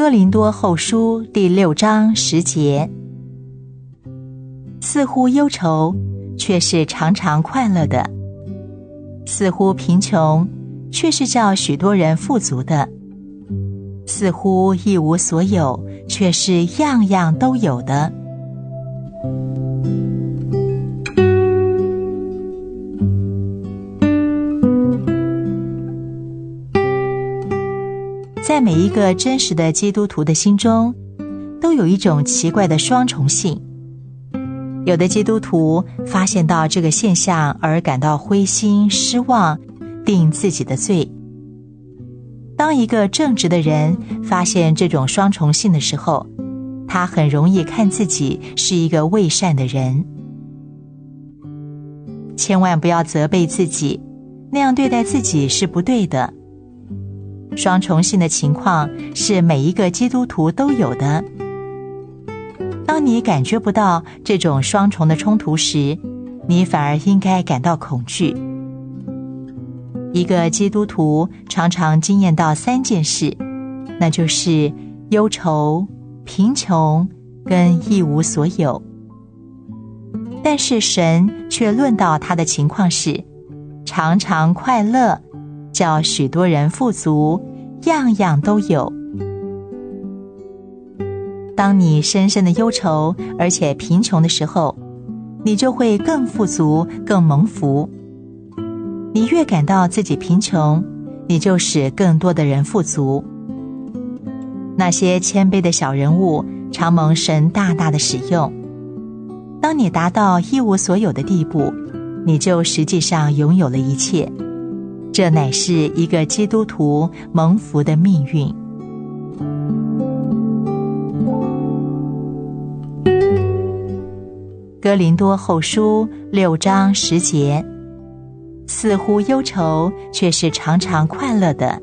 《哥林多後書》第六章十節：似乎憂愁，卻是常常快樂的；似乎貧窮，卻是叫許多人富足的；似乎一無所有，卻是樣樣都有的。在每一個真實的基督徒的心中，都有一種奇怪的雙重性。有的基督徒發現到這個現象而感到灰心失望，定自己的罪。當一個正直的人發現這種雙重性的時候，他很容易看自己是一個偽善的人。千萬不要責備自己，那樣對待自己是不對的。雙重性的情況是每一個基督徒都有的。當你感覺不到這種雙重的衝突時，你反而應該感到恐懼。一個基督徒常常經驗到三件事，那就是憂愁、貧窮跟一無所有。但是神卻論到他的情況是，常常快樂。叫許多人富足，樣樣都有。當你深深的憂愁而且貧窮的時候，你就會更富足、更蒙福。你越感到自己貧窮，你就使更多的人富足。那些謙卑的小人物常蒙神大大的使用。當你達到一無所有的地步，你就實際上擁有了一切。這乃是一個基督徒蒙福的命運。哥林多後書六章十節：似乎憂愁，卻是常常快樂的；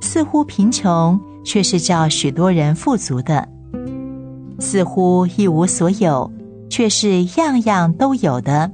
似乎貧窮，卻是叫許多人富足的；似乎一無所有，卻是樣樣都有的。